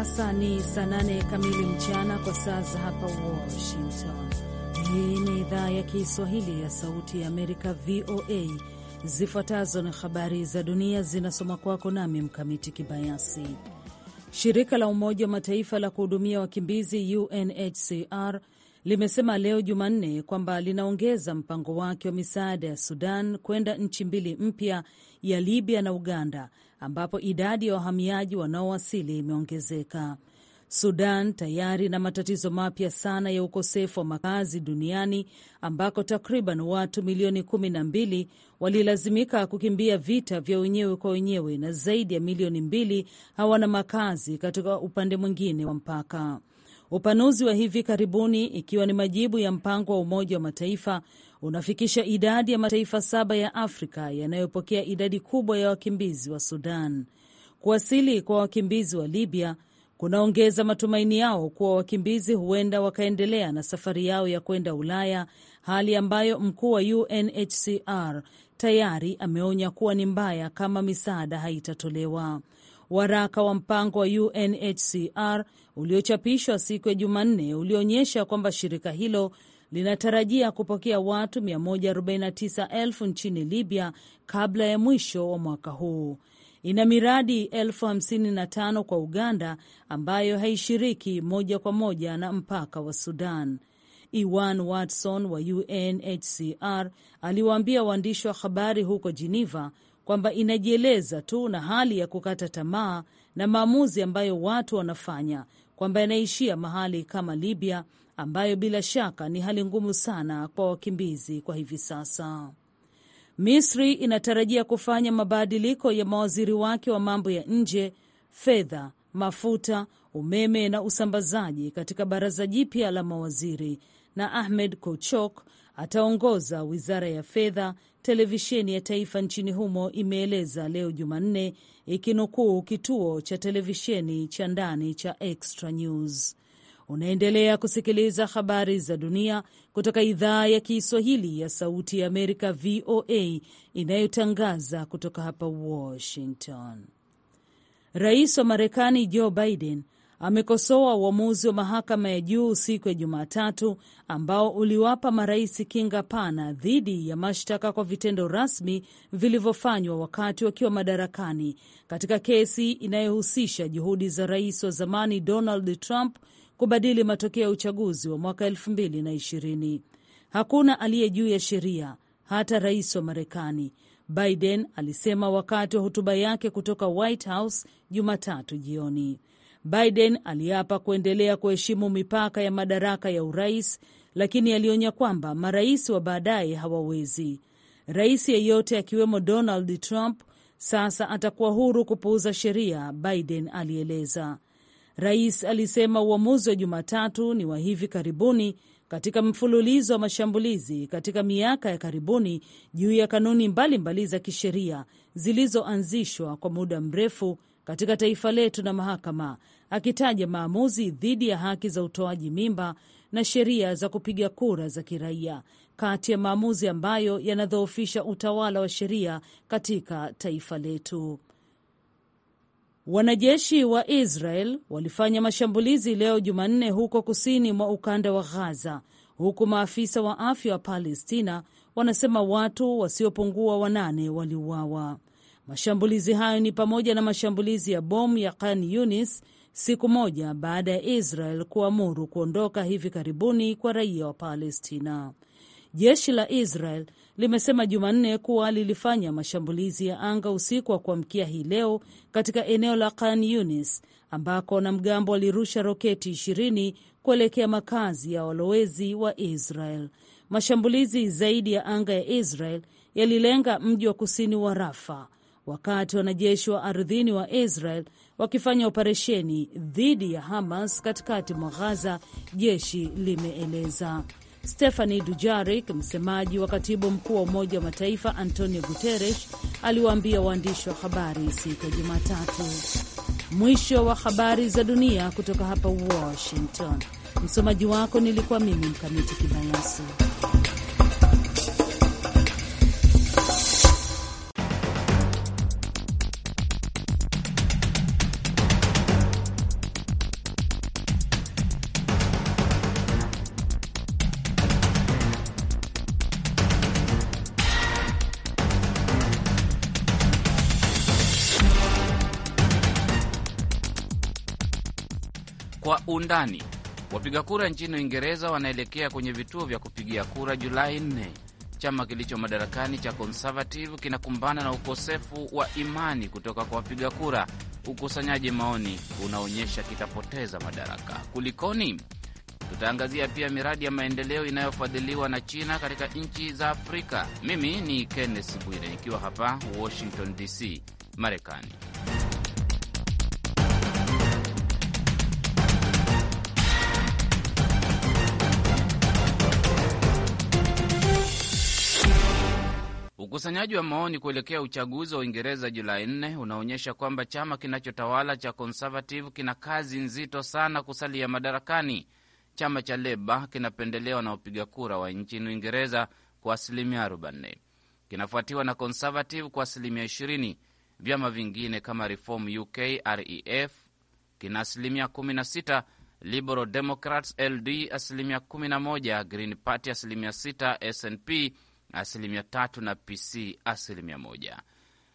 sasa ni saa nane kamili mchana kwa saa za hapa Washington. Hii ni idhaa ya Kiswahili ya Sauti ya Amerika, VOA. Zifuatazo na habari za dunia zinasoma kwako nami Mkamiti Kibayasi. Shirika la Umoja wa Mataifa la kuhudumia wakimbizi UNHCR limesema leo Jumanne kwamba linaongeza mpango wake wa misaada ya Sudan kwenda nchi mbili mpya ya Libya na Uganda ambapo idadi ya wahamiaji wanaowasili imeongezeka. Sudan tayari na matatizo mapya sana ya ukosefu wa makazi duniani ambako takriban watu milioni kumi na mbili walilazimika kukimbia vita vya wenyewe kwa wenyewe na zaidi ya milioni mbili hawana makazi katika upande mwingine wa mpaka. Upanuzi wa hivi karibuni, ikiwa ni majibu ya mpango wa Umoja wa Mataifa, unafikisha idadi ya mataifa saba ya Afrika yanayopokea idadi kubwa ya wakimbizi wa Sudan. Kuwasili kwa wakimbizi wa Libya kunaongeza matumaini yao kuwa wakimbizi huenda wakaendelea na safari yao ya kwenda Ulaya, hali ambayo mkuu wa UNHCR tayari ameonya kuwa ni mbaya kama misaada haitatolewa. Waraka wa mpango wa UNHCR uliochapishwa siku ya Jumanne ulionyesha kwamba shirika hilo linatarajia kupokea watu 149,000 nchini Libya kabla ya mwisho wa mwaka huu. Ina miradi 55 kwa Uganda ambayo haishiriki moja kwa moja na mpaka wa Sudan. Ewan Watson wa UNHCR aliwaambia waandishi wa habari huko Geneva kwamba inajieleza tu na hali ya kukata tamaa na maamuzi ambayo watu wanafanya, kwamba yanaishia mahali kama Libya ambayo bila shaka ni hali ngumu sana kwa wakimbizi kwa hivi sasa. Misri inatarajia kufanya mabadiliko ya mawaziri wake wa mambo ya nje, fedha, mafuta, umeme na usambazaji katika baraza jipya la mawaziri, na Ahmed kochok ataongoza wizara ya fedha televisheni ya taifa nchini humo imeeleza leo Jumanne, ikinukuu kituo cha televisheni cha ndani cha Extra News. Unaendelea kusikiliza habari za dunia kutoka idhaa ya Kiswahili ya Sauti ya Amerika, VOA, inayotangaza kutoka hapa Washington. Rais wa Marekani Joe Biden amekosoa uamuzi wa mahakama ya juu siku ya Jumatatu ambao uliwapa marais kinga pana dhidi ya mashtaka kwa vitendo rasmi vilivyofanywa wakati wakiwa madarakani katika kesi inayohusisha juhudi za rais wa zamani Donald Trump kubadili matokeo ya uchaguzi wa mwaka elfu mbili na ishirini. Hakuna aliye juu ya sheria, hata rais wa Marekani, Biden alisema wakati wa hotuba yake kutoka White House Jumatatu jioni. Biden aliapa kuendelea kuheshimu mipaka ya madaraka ya urais, lakini alionya kwamba marais wa baadaye hawawezi. Rais yeyote akiwemo Donald Trump sasa atakuwa huru kupuuza sheria, Biden alieleza. Rais alisema uamuzi wa Jumatatu ni wa hivi karibuni katika mfululizo wa mashambulizi katika miaka ya karibuni juu ya kanuni mbalimbali za kisheria zilizoanzishwa kwa muda mrefu katika taifa letu na mahakama, akitaja maamuzi dhidi ya haki za utoaji mimba na sheria za kupiga kura za kiraia kati ya maamuzi ambayo yanadhoofisha utawala wa sheria katika taifa letu. Wanajeshi wa Israel walifanya mashambulizi leo Jumanne huko kusini mwa ukanda wa Gaza, huku maafisa wa afya wa Palestina wanasema watu wasiopungua wanane waliuawa. Mashambulizi hayo ni pamoja na mashambulizi ya bomu ya Khan Yunis siku moja baada ya Israel kuamuru kuondoka hivi karibuni kwa raia wa Palestina. Jeshi la Israel limesema Jumanne kuwa lilifanya mashambulizi ya anga usiku wa kuamkia hii leo katika eneo la Khan Yunis ambako wanamgambo walirusha roketi ishirini kuelekea makazi ya walowezi wa Israel. Mashambulizi zaidi ya anga ya Israel yalilenga mji wa kusini wa Rafa wakati wanajeshi wa ardhini wa Israel wakifanya operesheni dhidi ya Hamas katikati mwa Ghaza, jeshi limeeleza. Stephani Dujarik, msemaji wa katibu mkuu wa Umoja wa Mataifa Antonio Guterres, aliwaambia waandishi wa habari siku ya Jumatatu. Mwisho wa habari za dunia kutoka hapa Washington. Msomaji wako nilikuwa mimi Mkamiti Kibayasi. undani. Wapiga kura nchini Uingereza wanaelekea kwenye vituo vya kupigia kura Julai 4. Chama kilicho madarakani cha Conservative kinakumbana na ukosefu wa imani kutoka kwa wapiga kura. Ukusanyaji maoni unaonyesha kitapoteza madaraka. Kulikoni? Tutaangazia pia miradi ya maendeleo inayofadhiliwa na China katika nchi za Afrika. Mimi ni Kenneth Bwire nikiwa hapa Washington DC, Marekani. Ukusanyaji wa maoni kuelekea uchaguzi wa Uingereza Julai 4 unaonyesha kwamba chama kinachotawala cha Conservative kina kazi nzito sana kusalia madarakani. Chama cha Leba kinapendelewa na wapiga kura wa nchini Uingereza kwa asilimia 4 kinafuatiwa na Conservative kwa asilimia 20. Vyama vingine kama Reform UK REF kina asilimia 16, Liberal Democrats LD asilimia 11, Green Party asilimia 6, SNP asilimia tatu na PC asilimia moja.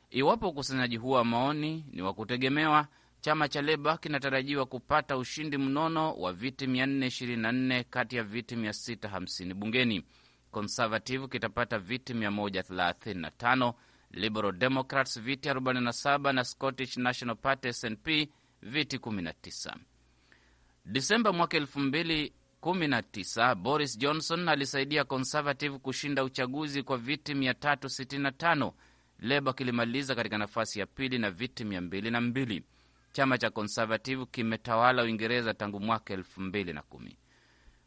Iwapo ukusanyaji huo wa maoni ni wa kutegemewa, chama cha Leba kinatarajiwa kupata ushindi mnono wa viti 424 kati ya viti 650 bungeni. Conservative kitapata viti 135, Liberal Democrats viti 47 na Scottish National Party SNP viti 19. Disemba mwaka 19 Boris Johnson alisaidia Conservative kushinda uchaguzi kwa viti 365, Leba kilimaliza katika nafasi ya pili na viti 202. Chama cha Conservative kimetawala Uingereza tangu mwaka 2010.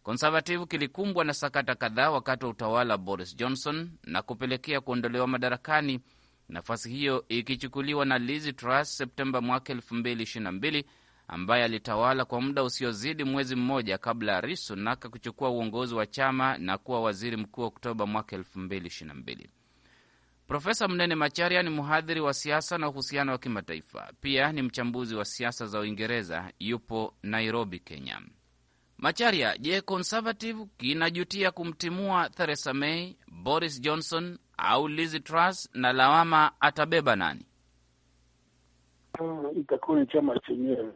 Conservative kilikumbwa na sakata kadhaa wakati wa utawala wa Boris Johnson na kupelekea kuondolewa madarakani, nafasi hiyo ikichukuliwa na Liz Truss Septemba mwaka 2022 ambaye alitawala kwa muda usiozidi mwezi mmoja kabla ya Rishi Sunak kuchukua uongozi wa chama na kuwa waziri mkuu Oktoba mwaka 2022. Profesa Mnene Macharia ni mhadhiri wa siasa na uhusiano wa kimataifa, pia ni mchambuzi wa siasa za Uingereza. Yupo Nairobi, Kenya. Macharia, je, Conservative kinajutia kumtimua Theresa May, Boris Johnson au Liz Truss na lawama atabeba nani? Ah, itakuwa ni chama chenyewe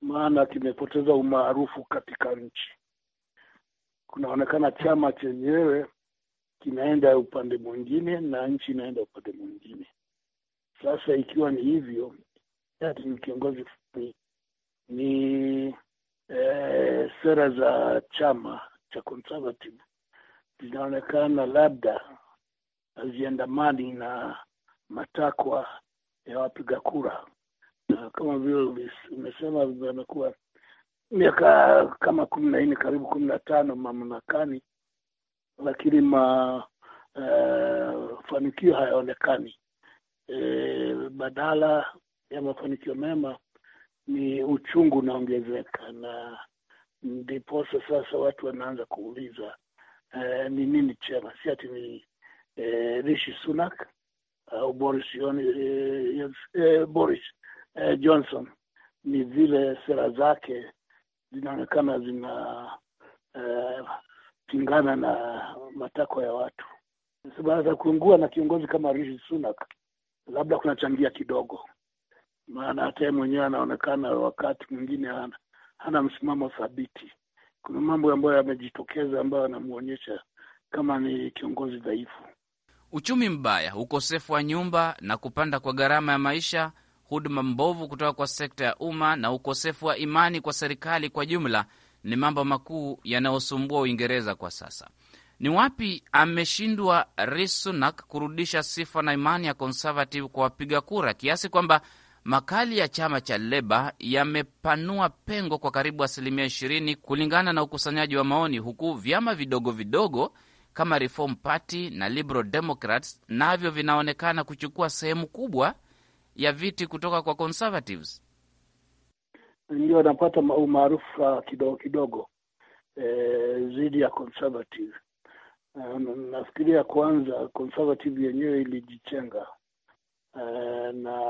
maana kimepoteza umaarufu katika nchi. Kunaonekana chama chenyewe kinaenda upande mwingine na nchi inaenda upande mwingine. Sasa ikiwa ni hivyo, ati ni kiongozi ni, ni eh, e, sera za chama cha Conservative zinaonekana labda haziandamani na matakwa ya wapiga kura kama vile umesema, amekuwa miaka kama kumi na nne karibu kumi na tano mamlakani, lakini e, mafanikio uh, hayaonekani. E, badala ya mafanikio mema ni uchungu unaongezeka, na ndiposa sasa watu wanaanza kuuliza e, ni nini chema, si ati ni e, Rishi Sunak au Boris, Yoni, e, yes, e, Boris eh, Johnson ni zile sera zake zinaonekana zina eh, pingana na matakwa ya watu. Sasa kuungua na kiongozi kama Rishi Sunak labda kunachangia kidogo, maana hata yeye mwenyewe anaonekana wakati mwingine hana, hana msimamo thabiti. Kuna mambo ambayo yamejitokeza ambayo yanamuonyesha kama ni kiongozi dhaifu. Uchumi mbaya, ukosefu wa nyumba na kupanda kwa gharama ya maisha huduma mbovu kutoka kwa sekta ya umma na ukosefu wa imani kwa serikali kwa jumla ni mambo makuu yanayosumbua Uingereza kwa sasa. Ni wapi ameshindwa Rishi Sunak kurudisha sifa na imani ya Conservative kwa wapiga kura kiasi kwamba makali ya chama cha Leba yamepanua pengo kwa karibu asilimia 20 kulingana na ukusanyaji wa maoni, huku vyama vidogo vidogo kama Reform Party na Liberal Democrats navyo vinaonekana kuchukua sehemu kubwa ya viti kutoka kwa Conservatives? Ndio wanapata umaarufu ah, kidogo kidogo dhidi eh, e, ya Conservative. Ah, nafikiria kwanza Conservative yenyewe ilijichenga e, na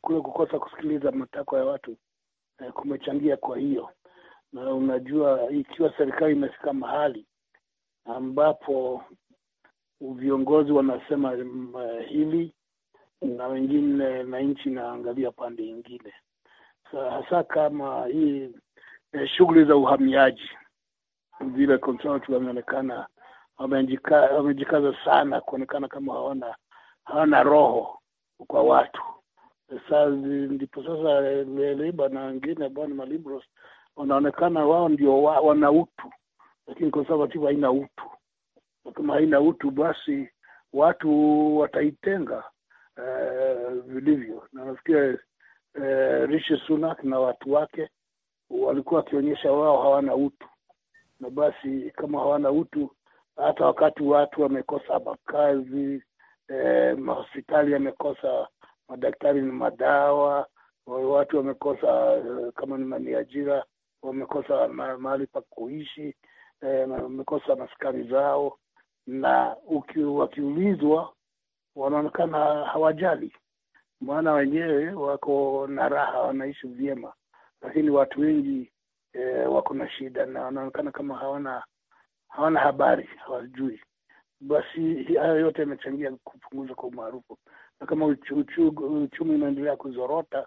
kule kukosa kusikiliza matakwa ya watu e, kumechangia. Kwa hiyo na unajua, ikiwa serikali imefika mahali ambapo viongozi wanasema hili na wengine na nchi inaangalia pande ingine, hasa kama hii eh, shughuli za uhamiaji vile Consolati wameonekana wamejikaza sana kuonekana kama hawana hawana roho kwa watu. Sasa ndipo sasa eh, leba na wengine bwana malibros wanaonekana wao ndio wa, wana utu, lakini Conservative haina utu. Kama haina utu, basi watu wataitenga Eh, vilivyo uh, na nafikiri uh, eh, Rishi Sunak na watu wake walikuwa wakionyesha wao hawana utu, na basi kama hawana utu, hata wakati watu wamekosa makazi eh, mahospitali yamekosa madaktari ni madawa, watu wamekosa eh, kama ni ajira, wamekosa mahali pa kuishi eh, wamekosa maskani zao, na wakiulizwa wanaonekana hawajali, maana wenyewe wako na raha, wanaishi vyema, lakini watu wengi e, wako na shida na wanaonekana kama hawana hawana habari, hawajui. Basi hayo yote yamechangia kupunguza kwa umaarufu, na kama uchumi unaendelea kuzorota,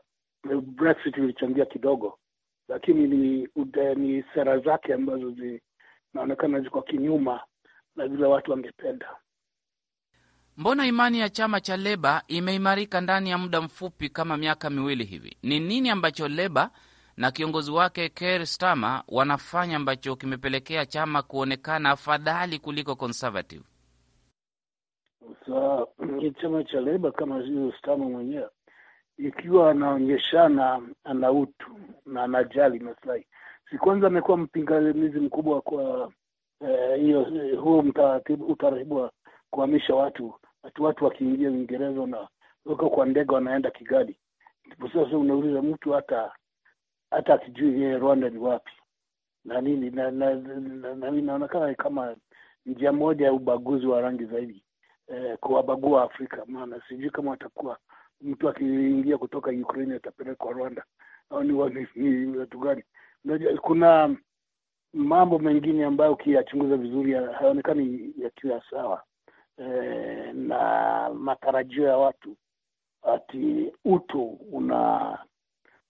Brexit ilichangia kidogo, lakini ni, ude, ni sera zake ambazo zinaonekana ziko kinyuma na vile watu wangependa. Mbona imani ya chama cha Leba imeimarika ndani ya muda mfupi kama miaka miwili hivi? Ni nini ambacho Leba na kiongozi wake Keir Starmer wanafanya ambacho kimepelekea chama kuonekana afadhali kuliko Conservative? chama cha Leba kama Starmer mwenyewe, ikiwa anaonyeshana ana utu na anajali maslahi, si kwanza amekuwa mpingamizi mkubwa kwa eh, hiyo eh, huo utaratibu wa kuhamisha watu ati watu wakiingia Uingereza wako kwa ndege wanaenda Kigali. Ndipo sasa unauliza mtu hata hata akijui yeye Rwanda ni wapi na nini, na, inaonekana kama njia moja ya ubaguzi wa rangi zaidi eh, kuwabagua Afrika. Maana sijui kama watakuwa mtu akiingia kutoka Ukraine atapelekwa Rwanda au ni watu gani? Kuna mambo mengine ambayo ukiyachunguza vizuri hayaonekani yakiwa sawa Eh, na matarajio ya watu ati utu una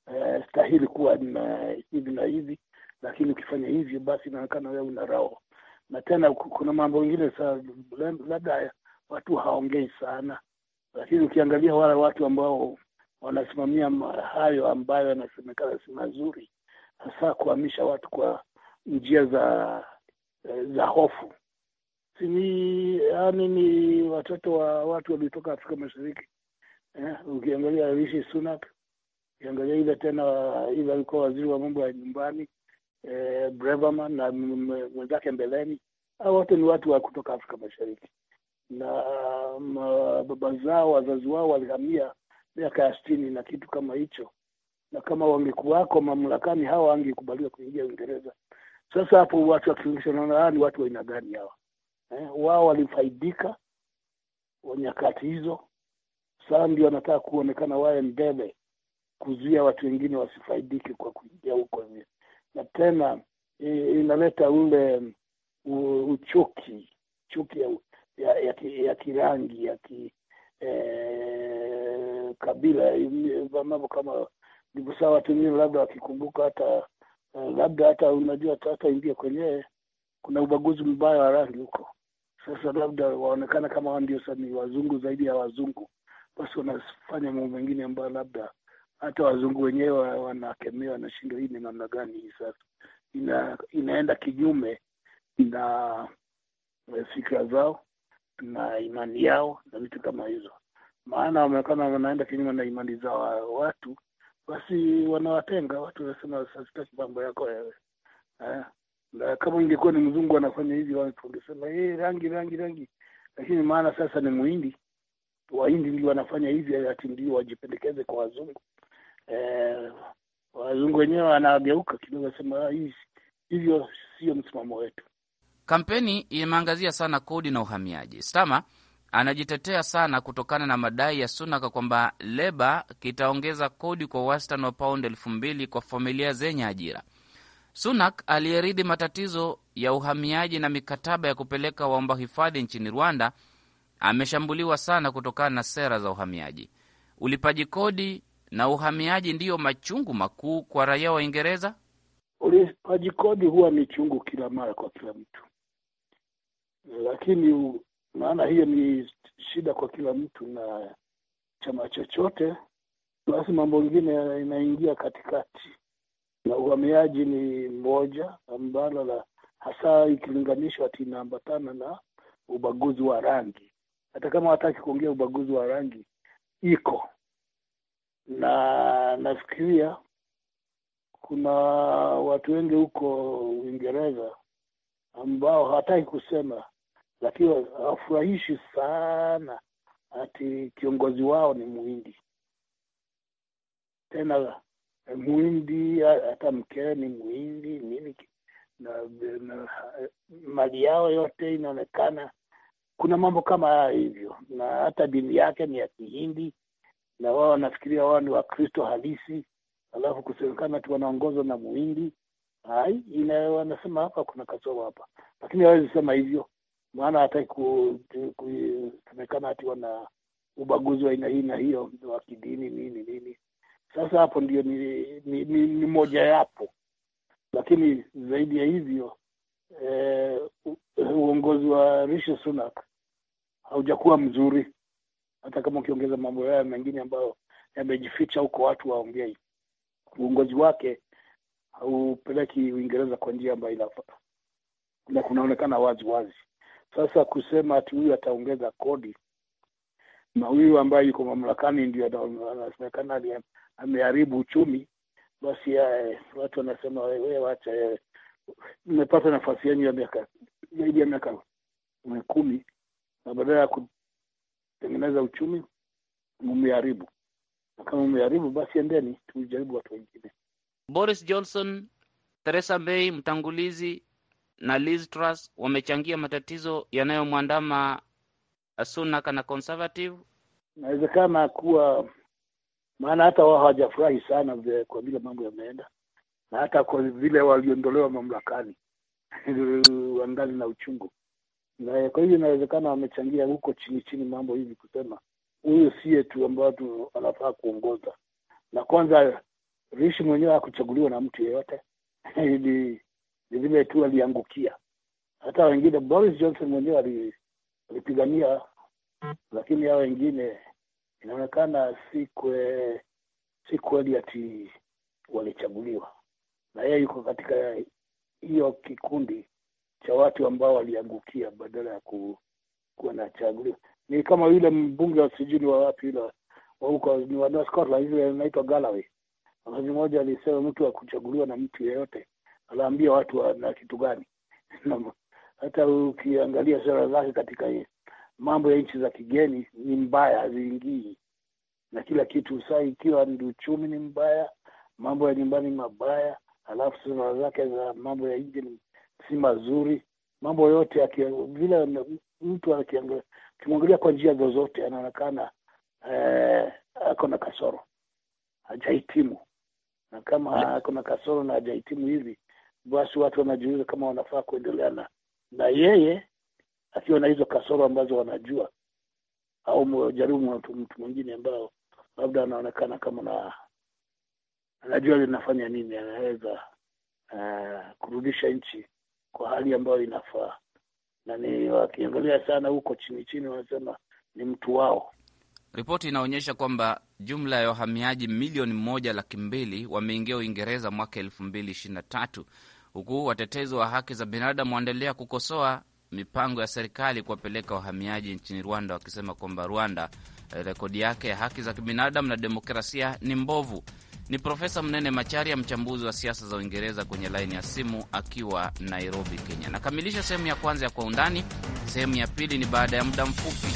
e, stahili kuwa na hivi na hivi, lakini ukifanya hivyo basi inaonekana wewe una roho. Na tena kuna mambo mengine saa labda watu haongei sana, lakini ukiangalia wale watu ambao wanasimamia hayo ambayo yanasemekana si mazuri, hasa kuhamisha watu kwa njia za eh, za hofu ni yani ni watoto wa watu walitoka Afrika Mashariki eh, ukiangalia Rishi Sunak, ukiangalia ile tena ile alikuwa waziri wa mambo ya nyumbani eh, Braverman na mwenzake mbeleni, hao wote ni watu wa kutoka Afrika Mashariki na mm, baba zao wazazi wao walihamia miaka ya sitini na kitu kama hicho, na kama wangekuwako mamlakani hawa wangekubaliwa kuingia Uingereza. Sasa hapo watu wakiungisha, na ni watu wa aina gani hawa? eh, wao walifaidika wa nyakati hizo. Sasa ndio wanataka kuonekana wawe mbele, kuzuia watu wengine wasifaidike kwa kuingia huko hivi, na tena eh, inaleta ule uchuki chuki ya, ya, ya, ya kirangi ya ki, eh, kabila mambo kama ndivusaa watu wengine labda wakikumbuka hata eh, labda hata unajua hata ingia kwenyewe kuna ubaguzi mbaya wa rangi huko sasa labda waonekana kama wao ndio ni wazungu zaidi ya wazungu, basi wanafanya mambo mengine ambayo labda hata wazungu wenyewe wanakemea, wanashinda hii ni namna gani hii sasa ina, inaenda kinyume na eh, fikra zao na imani yao na vitu kama hizo, maana wameonekana wanaenda kinyume na imani za watu, basi wanawatenga watu, wanasema sasitaki mambo yako wewe eh na kama ingekuwa ni mzungu anafanya hivi watu wangesema hey, eh, rangi rangi rangi, lakini maana sasa ni muhindi, wahindi ndio wanafanya hivi, ati ndio wajipendekeze kwa wazungu eh, wazungu wenyewe wanageuka kidogo, wasema ah, hivyo sio msimamo wetu. Kampeni imeangazia sana kodi na uhamiaji. Stama anajitetea sana kutokana na madai ya Sunak kwamba Leba kitaongeza kodi kwa wastani wa paundi elfu mbili kwa familia zenye ajira. Sunak aliyeridhi matatizo ya uhamiaji na mikataba ya kupeleka waomba hifadhi nchini Rwanda ameshambuliwa sana kutokana na sera za uhamiaji. Ulipaji kodi na uhamiaji ndiyo machungu makuu kwa raia wa Uingereza. Ulipaji kodi huwa ni chungu kila mara kwa kila mtu, lakini maana hiyo ni shida kwa kila mtu na chama chochote, basi mambo mengine inaingia katikati na uhamiaji ni moja ambalo la hasa ikilinganishwa ti inaambatana na ubaguzi wa rangi. Hata kama wataki kuongea ubaguzi wa rangi iko, na nafikiria kuna watu wengi huko Uingereza ambao hawataki kusema, lakini hawafurahishi sana ati kiongozi wao ni Muhindi tena mwindi, hata mkewe ni mwindi nini na, na mali yao yote inaonekana kuna mambo kama haya hivyo, na hata dini yake ni ya Kihindi na wao wanafikiria wao ni Wakristo halisi, alafu kusemekana tu wanaongozwa na mwindi. Hai, ina wanasema hapa kuna kasoro hapa, lakini hawezi sema hivyo, maana hataki kusemekana ati wana ubaguzi wa aina hii na hiyo wa kidini nini nini. Sasa hapo ndio ni, ni, ni, ni moja yapo, lakini zaidi ya hivyo eh, uongozi wa Rishi Sunak haujakuwa mzuri, hata kama ukiongeza mambo yayo mengine ambayo yamejificha huko, watu waongei. Uongozi wake haupeleki Uingereza kwa njia ambayo inafaa na kunaonekana wazi wazi. Sasa kusema ati huyu ataongeza kodi na huyu ambaye yuko mamlakani ndio anasemekana ameharibu uchumi, basi eh, watu wanasema eh, wewe, wacha mmepata eh, nafasi yenu ya miaka zaidi ya miaka kumi na badala ya kutengeneza uchumi mumeharibu, na kama mumeharibu, basi endeni tujaribu watu wengine. Boris Johnson, Theresa May mtangulizi na Liz Truss wamechangia matatizo yanayomwandama Sunak na Conservative. Inawezekana kuwa maana hata wao hawajafurahi sana kwa vile mambo yameenda, na hata kwa vile waliondolewa mamlakani wangali na uchungu na kwa hivyo inawezekana wamechangia huko chini chini mambo hivi, kusema huyu siye tu ambayo tu anafaa kuongoza. Na kwanza Rishi mwenyewe hakuchaguliwa na mtu yeyote ni vile tu aliangukia. Hata wengine Boris Johnson mwenyewe alipigania, lakini hao wengine inaonekana si kweli ati walichaguliwa, na yeye yuko katika hiyo kikundi cha watu ambao waliangukia badala ya ku, kuwa nachaguliwa. Ni kama yule mbunge wa sijui ni wa wapi yule wa huko ni wa Scotland yule anaitwa Galloway. Wakati mmoja alisema mtu wa kuchaguliwa na mtu yeyote anaambia watu wana kitu gani hata ukiangalia sera zake katika mambo ya nchi za kigeni ni mbaya, haziingii na kila kitu saa, ikiwa ndi uchumi ni mbaya, mambo ya nyumbani mabaya, alafu sera zake za mambo ya nje si mazuri. Mambo yote vile mtu akimwangalia kwa njia zozote anaonekana eh, ako na kasoro, hajahitimu. Na kama ako na kasoro na hajahitimu hivi, basi watu wanajiuliza kama wanafaa kuendelea na na yeye akiwa na hizo kasoro ambazo wanajua, au jaribu mtu mwingine ambao labda anaonekana kama na anajua linafanya nini, anaweza uh, kurudisha nchi kwa hali ambayo inafaa, na ni wakiangalia sana huko chini chini, wanasema ni mtu wao. Ripoti inaonyesha kwamba jumla ya wahamiaji milioni moja laki mbili wameingia Uingereza mwaka elfu mbili ishirini na tatu huku watetezi wa haki za binadamu waendelea kukosoa mipango ya serikali kuwapeleka wahamiaji nchini Rwanda, wakisema kwamba Rwanda eh, rekodi yake ya haki za kibinadamu na demokrasia ni mbovu. Ni Profesa Mnene Macharia, mchambuzi wa siasa za Uingereza, kwenye laini ya simu akiwa Nairobi, Kenya. Nakamilisha sehemu ya kwanza ya Kwa Undani. Sehemu ya pili ni baada ya muda mfupi.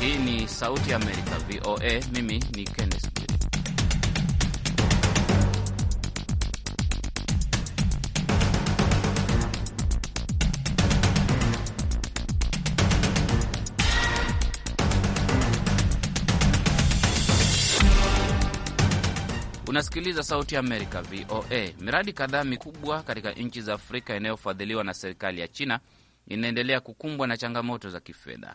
Hii ni Sauti ya Amerika, VOA. Mimi ni Ken Unasikiliza Sauti Amerika, VOA. Miradi kadhaa mikubwa katika nchi za Afrika inayofadhiliwa na serikali ya China inaendelea kukumbwa na changamoto za kifedha.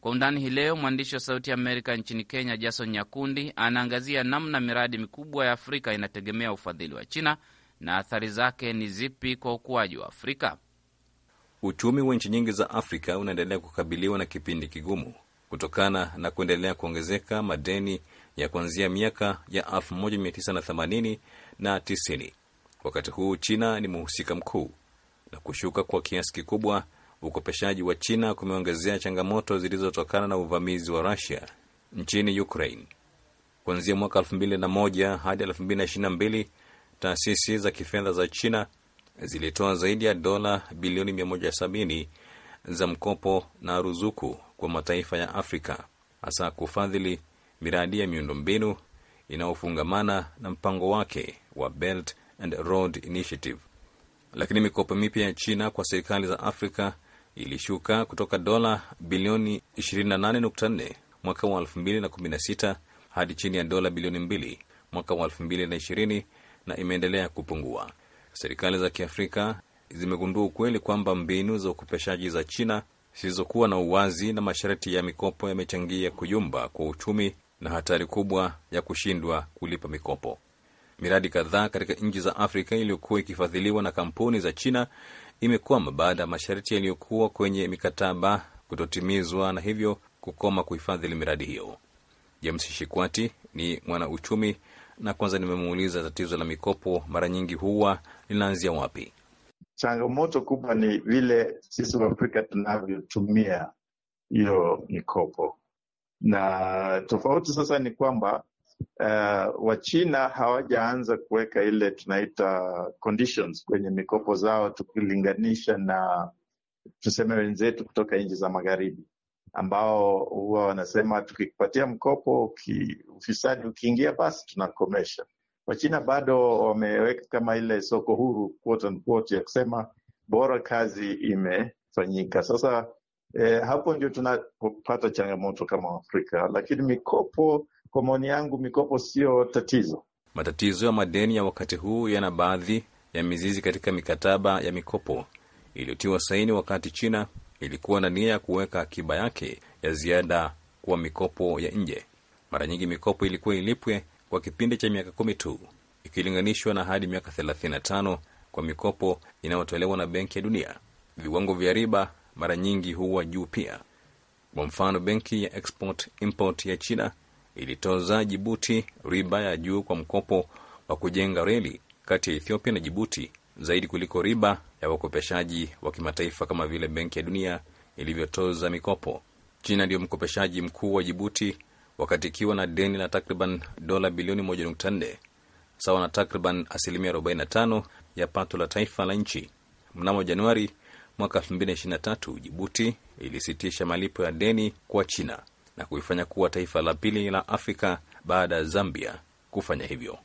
Kwa undani hii leo, mwandishi wa Sauti Amerika nchini Kenya, Jason Nyakundi, anaangazia namna miradi mikubwa ya Afrika inategemea ufadhili wa China na athari zake ni zipi kwa ukuaji wa Afrika. Uchumi wa nchi nyingi za Afrika unaendelea kukabiliwa na kipindi kigumu kutokana na kuendelea kuongezeka madeni ya kuanzia miaka ya 1980 na 90. Wakati huu China ni mhusika mkuu, na kushuka kwa kiasi kikubwa ukopeshaji wa China kumeongezea changamoto zilizotokana na uvamizi wa Rusia nchini Ukraine. Kuanzia mwaka 2001 hadi 2022, taasisi za kifedha za China zilitoa zaidi ya dola bilioni 170 za mkopo na ruzuku kwa mataifa ya Afrika, hasa kufadhili miradi ya miundombinu inayofungamana na mpango wake wa Belt and Road Initiative. Lakini mikopo mipya ya China kwa serikali za Afrika ilishuka kutoka dola bilioni 28.4 mwaka wa 2016 hadi chini ya dola bilioni 2 mwaka wa 2020 na imeendelea kupungua. Serikali za Kiafrika zimegundua ukweli kwamba mbinu za ukopeshaji za China zisizokuwa na uwazi na masharti ya mikopo yamechangia kuyumba kwa uchumi na hatari kubwa ya kushindwa kulipa mikopo. Miradi kadhaa katika nchi za Afrika iliyokuwa ikifadhiliwa na kampuni za China imekwama baada ya masharti yaliyokuwa kwenye mikataba kutotimizwa na hivyo kukoma kuhifadhili miradi hiyo. James Shikwati ni mwanauchumi na kwanza nimemuuliza tatizo la mikopo mara nyingi huwa linaanzia wapi? Changamoto kubwa ni vile sisi Waafrika tunavyotumia hiyo mikopo na tofauti sasa ni kwamba uh, Wachina hawajaanza kuweka ile tunaita conditions kwenye mikopo zao, tukilinganisha na tuseme wenzetu kutoka nchi za magharibi ambao huwa wanasema tukikupatia mkopo uki, ufisadi ukiingia basi tunakomesha. Wachina bado wameweka kama ile soko huru quote unquote, ya kusema bora kazi imefanyika. Sasa E, hapo ndio tunapopata changamoto kama afrika lakini mikopo, kwa maoni yangu, mikopo sio tatizo. Matatizo ya madeni ya wakati huu yana baadhi ya mizizi katika mikataba ya mikopo iliyotiwa saini wakati China ilikuwa na nia ya kuweka akiba yake ya ziada kuwa mikopo ya nje. Mara nyingi mikopo ilikuwa ilipwe kwa kipindi cha miaka kumi tu ikilinganishwa na hadi miaka 35 kwa mikopo inayotolewa na Benki ya Dunia. Viwango vya riba mara nyingi huwa juu pia. Kwa mfano, benki ya Export Import ya China ilitoza Jibuti riba ya juu kwa mkopo wa kujenga reli kati ya Ethiopia na Jibuti zaidi kuliko riba ya wakopeshaji wa kimataifa kama vile Benki ya Dunia ilivyotoza mikopo. China ndiyo mkopeshaji mkuu wa Jibuti wakati ikiwa na deni la takriban dola bilioni 1.4 sawa na takriban asilimia 45 ya pato la taifa la nchi. Mnamo Januari Mwaka 2023 Jibuti ilisitisha malipo ya deni kwa China na kuifanya kuwa taifa la pili la Afrika baada ya Zambia kufanya hivyo.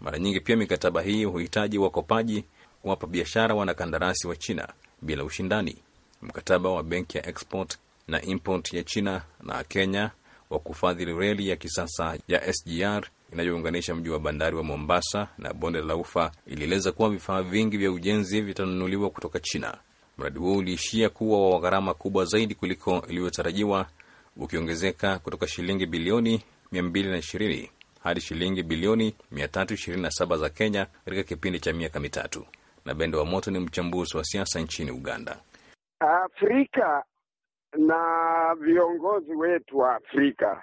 Mara nyingi pia mikataba hii huhitaji wakopaji kuwapa biashara wanakandarasi wa China bila ushindani. Mkataba wa benki ya Export na Import ya China na Kenya wa kufadhili reli ya kisasa ya SGR inayounganisha mji wa bandari wa Mombasa na bonde la Ufa ilieleza kuwa vifaa vingi vya ujenzi vitanunuliwa kutoka China. Mradi huo uliishia kuwa wa gharama kubwa zaidi kuliko iliyotarajiwa, ukiongezeka kutoka shilingi bilioni 220 hadi shilingi bilioni 327 za Kenya katika kipindi cha miaka mitatu. Na Bendo wa Moto ni mchambuzi wa siasa nchini Uganda. Afrika na viongozi wetu wa Afrika,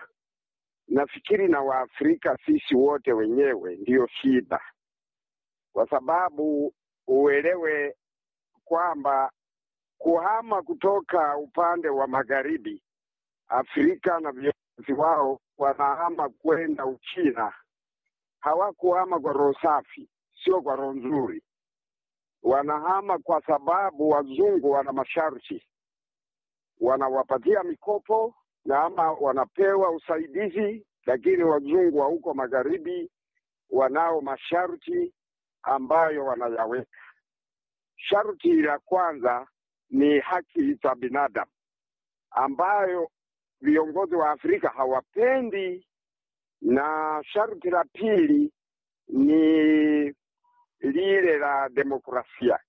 nafikiri na Waafrika sisi wote wenyewe ndiyo shida, kwa sababu uelewe kwamba kuhama kutoka upande wa magharibi Afrika na viongozi wao wanahama kwenda Uchina. Hawakuhama kwa roho safi, sio kwa roho nzuri. Wanahama kwa sababu wazungu wana masharti, wanawapatia mikopo na ama wanapewa usaidizi, lakini wazungu wa huko magharibi wanao masharti ambayo wanayaweka. Sharti la kwanza ni haki za binadamu ambayo viongozi wa Afrika hawapendi, na sharti la pili ni lile la demokrasia.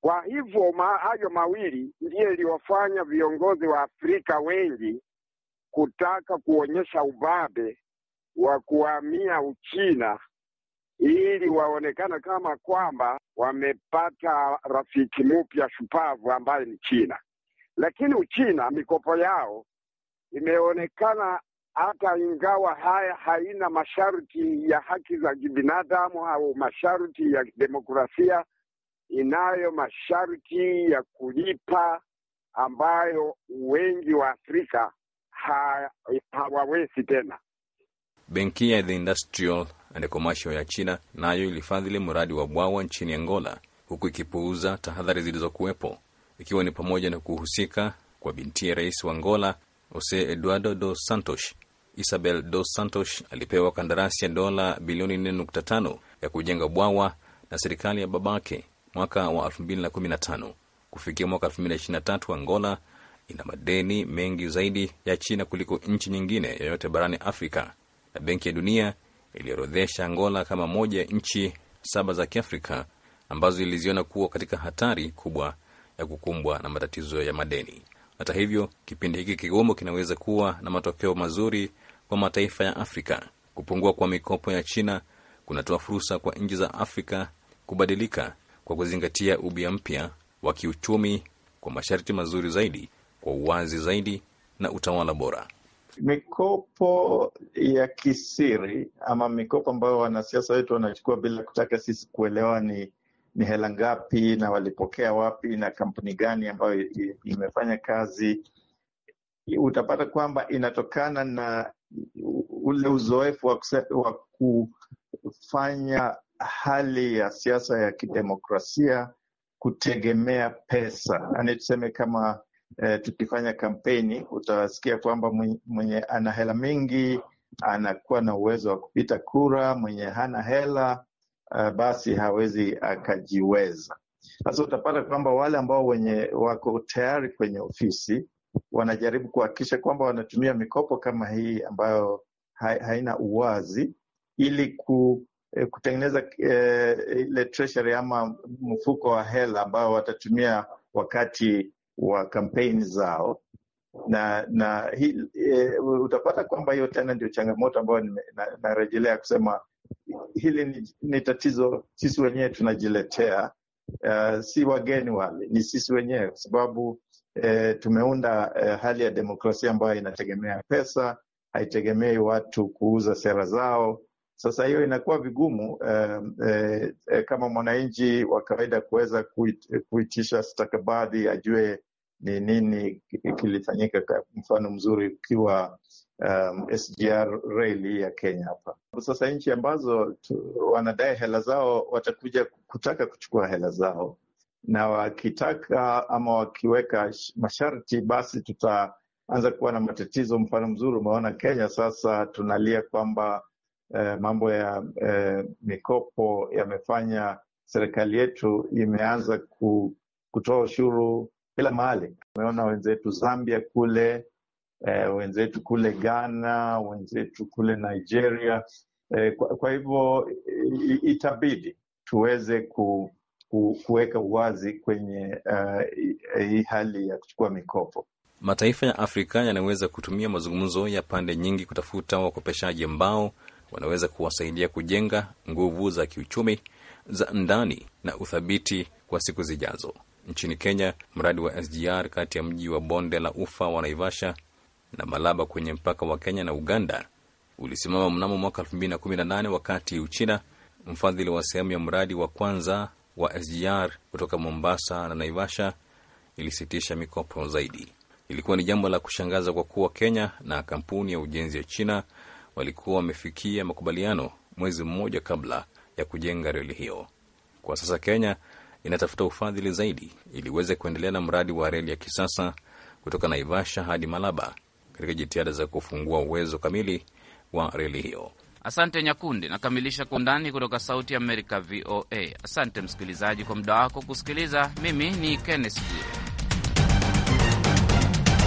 Kwa hivyo ma, hayo mawili ndiyo iliyofanya viongozi wa Afrika wengi kutaka kuonyesha ubabe wa kuhamia Uchina ili waonekana kama kwamba wamepata rafiki mpya shupavu ambaye ni China. Lakini Uchina mikopo yao imeonekana hata ingawa haya haina masharti ya haki za kibinadamu au masharti ya demokrasia, inayo masharti ya kulipa ambayo wengi wa Afrika hawawezi ha tena. Benki ya The Industrial Andekomasho ya China nayo ilifadhili mradi wa bwawa nchini Angola, huku ikipuuza tahadhari zilizokuwepo, ikiwa ni pamoja na kuhusika kwa binti rais wa Angola Jose Eduardo dos Santos. Isabel dos Santos alipewa kandarasi ya dola bilioni 4.5 ya kujenga bwawa na serikali ya babake mwaka wa 2015. Kufikia mwaka 2023, Angola ina madeni mengi zaidi ya China kuliko nchi nyingine yoyote barani Afrika, na Benki ya Dunia iliorodhesha Angola kama moja ya nchi saba za Kiafrika ambazo iliziona kuwa katika hatari kubwa ya kukumbwa na matatizo ya madeni. Hata hivyo, kipindi hiki kigumu kinaweza kuwa na matokeo mazuri kwa mataifa ya Afrika. Kupungua kwa mikopo ya China kunatoa fursa kwa nchi za Afrika kubadilika kwa kuzingatia ubia mpya wa kiuchumi kwa masharti mazuri zaidi, kwa uwazi zaidi na utawala bora mikopo ya kisiri ama mikopo ambayo wanasiasa wetu wanachukua bila kutaka sisi kuelewa ni, ni hela ngapi na walipokea wapi na kampuni gani ambayo imefanya kazi, utapata kwamba inatokana na ule uzoefu wa, kufanya hali ya siasa ya kidemokrasia kutegemea pesa, yaani tuseme kama e, tukifanya kampeni utawasikia kwamba mwenye ana hela mingi anakuwa na uwezo wa kupita kura, mwenye hana hela uh, basi hawezi akajiweza. Sasa utapata kwamba wale ambao wenye wako tayari kwenye ofisi wanajaribu kuhakikisha kwamba wanatumia mikopo kama hii ambayo haina uwazi ili ku, eh, kutengeneza eh, ile treasury ama mfuko wa hela ambao watatumia wakati wa kampeni zao na na hi, e, utapata kwamba hiyo tena ndio changamoto ambayo narejelea na kusema hili ni, ni tatizo sisi wenyewe tunajiletea. Uh, si wageni wale, ni sisi wenyewe kwa sababu e, tumeunda e, hali ya demokrasia ambayo inategemea pesa, haitegemei watu kuuza sera zao sasa hiyo inakuwa vigumu um, eh, eh, kama mwananchi wa kawaida kuweza kuitisha stakabadhi ajue ni nini kilifanyika. Mfano mzuri ukiwa um, SGR reli ya Kenya hapa sasa, nchi ambazo wanadai hela zao watakuja kutaka kuchukua hela zao, na wakitaka ama wakiweka masharti, basi tutaanza kuwa na matatizo. Mfano mzuri umeona Kenya sasa tunalia kwamba eh, mambo ya eh, mikopo yamefanya serikali yetu imeanza ku, kutoa ushuru kila mahali. Umeona wenzetu Zambia kule eh, wenzetu kule Ghana, wenzetu kule Nigeria eh, kwa, kwa hivyo itabidi tuweze ku, ku, kuweka uwazi kwenye uh, eh, hii hali ya kuchukua mikopo. Mataifa ya Afrika yanaweza kutumia mazungumzo ya pande nyingi kutafuta wakopeshaji ambao wanaweza kuwasaidia kujenga nguvu za kiuchumi za ndani na uthabiti kwa siku zijazo. Nchini Kenya, mradi wa SGR kati ya mji wa bonde la ufa wa Naivasha na Malaba kwenye mpaka wa Kenya na Uganda ulisimama mnamo mwaka 2018 wakati Uchina, mfadhili wa sehemu ya mradi wa kwanza wa SGR kutoka Mombasa na Naivasha, ilisitisha mikopo zaidi. Ilikuwa ni jambo la kushangaza kwa kuwa Kenya na kampuni ya ujenzi ya China walikuwa wamefikia makubaliano mwezi mmoja kabla ya kujenga reli hiyo. Kwa sasa Kenya inatafuta ufadhili zaidi ili iweze kuendelea na mradi wa reli ya kisasa kutoka Naivasha hadi Malaba katika jitihada za kufungua uwezo kamili wa reli hiyo. Asante Nyakundi, nakamilisha Kwa Undani kutoka Sauti ya Amerika, VOA. Asante msikilizaji kwa muda wako kusikiliza. Mimi ni Kenneth Bwire.